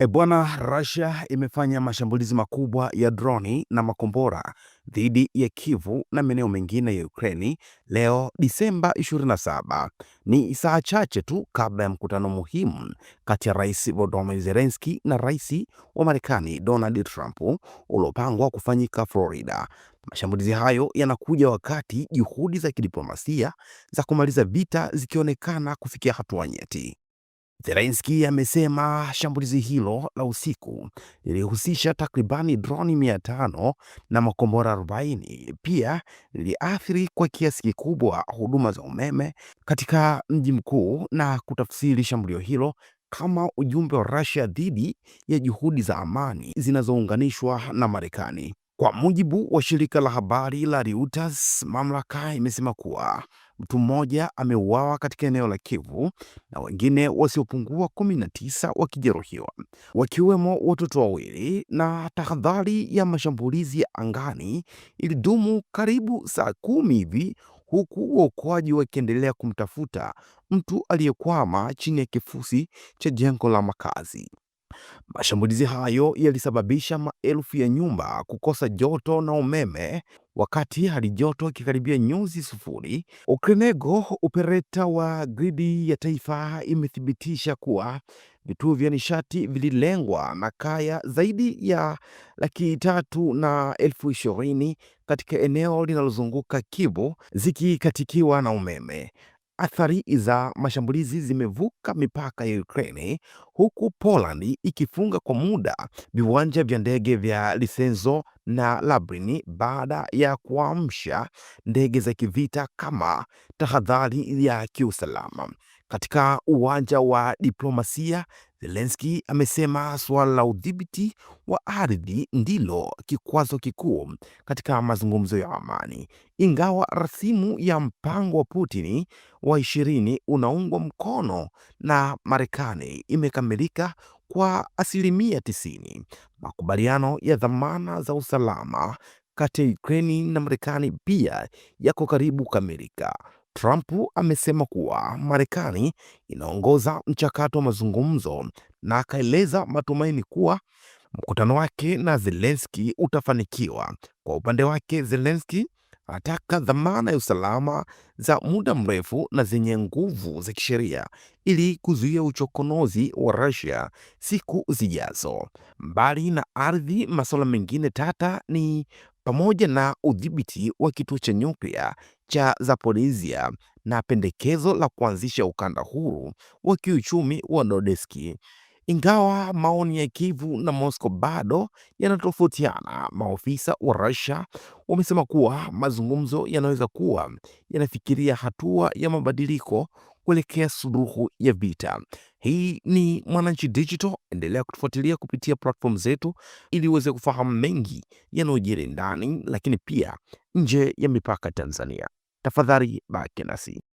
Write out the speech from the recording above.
E bwana, Russia imefanya mashambulizi makubwa ya droni na makombora dhidi ya Kyiv na maeneo mengine ya Ukraine leo Disemba 27. Ni saa chache tu kabla ya mkutano muhimu kati ya Rais Volodymyr Zelensky na Rais wa Marekani Donald Trump uliopangwa kufanyika Florida. Mashambulizi hayo yanakuja wakati juhudi za kidiplomasia za kumaliza vita zikionekana kufikia hatua nyeti. Zelenski amesema shambulizi hilo la usiku lilihusisha takribani droni 500 na makombora 40. Pia liliathiri kwa kiasi kikubwa huduma za umeme katika mji mkuu na kutafsiri shambulio hilo kama ujumbe wa Russia dhidi ya juhudi za amani zinazounganishwa na Marekani. Kwa mujibu wa shirika la habari la Reuters, mamlaka imesema kuwa mtu mmoja ameuawa katika eneo la Kivu na wengine wasiopungua 19 wakijeruhiwa, wakiwemo watoto wawili, na tahadhari ya mashambulizi ya angani ilidumu karibu saa kumi hivi huku waokoaji wakiendelea kumtafuta mtu aliyekwama chini ya kifusi cha jengo la makazi. Mashambulizi hayo yalisababisha maelfu ya nyumba kukosa joto na umeme, wakati hali joto ikikaribia nyuzi sufuri. Ukrenego, upereta wa gridi ya taifa, imethibitisha kuwa vituo vya nishati vililengwa na kaya zaidi ya laki tatu na elfu ishirini katika eneo linalozunguka Kivu zikikatikiwa na umeme. Athari za mashambulizi zimevuka mipaka ya Ukraine huku Poland ikifunga kwa muda viwanja vya ndege vya Lisenzo na Lublin baada ya kuamsha ndege za kivita kama tahadhari ya kiusalama. Katika uwanja wa diplomasia, zelenski amesema suala la udhibiti wa ardhi ndilo kikwazo kikuu katika mazungumzo ya amani, ingawa rasimu ya mpango wa Putin wa ishirini unaungwa mkono na Marekani imekamilika kwa asilimia tisini. Makubaliano ya dhamana za usalama kati ya Ukraini na Marekani pia yako karibu kukamilika. Trump amesema kuwa Marekani inaongoza mchakato wa mazungumzo na akaeleza matumaini kuwa mkutano wake na Zelensky utafanikiwa. Kwa upande wake, Zelensky anataka dhamana ya usalama za muda mrefu na zenye nguvu za kisheria ili kuzuia uchokonozi wa Russia siku zijazo. Mbali na ardhi, masuala mengine tata ni pamoja na udhibiti wa kituo cha nyuklia cha Zaporizhia na pendekezo la kuanzisha ukanda huru wa kiuchumi wa Donetsk. Ingawa maoni ya Kivu na Moscow bado yanatofautiana, maofisa wa Russia wamesema kuwa mazungumzo yanaweza kuwa yanafikiria hatua ya mabadiliko kuelekea suluhu ya vita. Hii ni Mwananchi Digital, endelea kutufuatilia kupitia platform zetu ili uweze kufahamu mengi yanayojiri ndani, lakini pia nje ya mipaka Tanzania. Tafadhali baki nasi.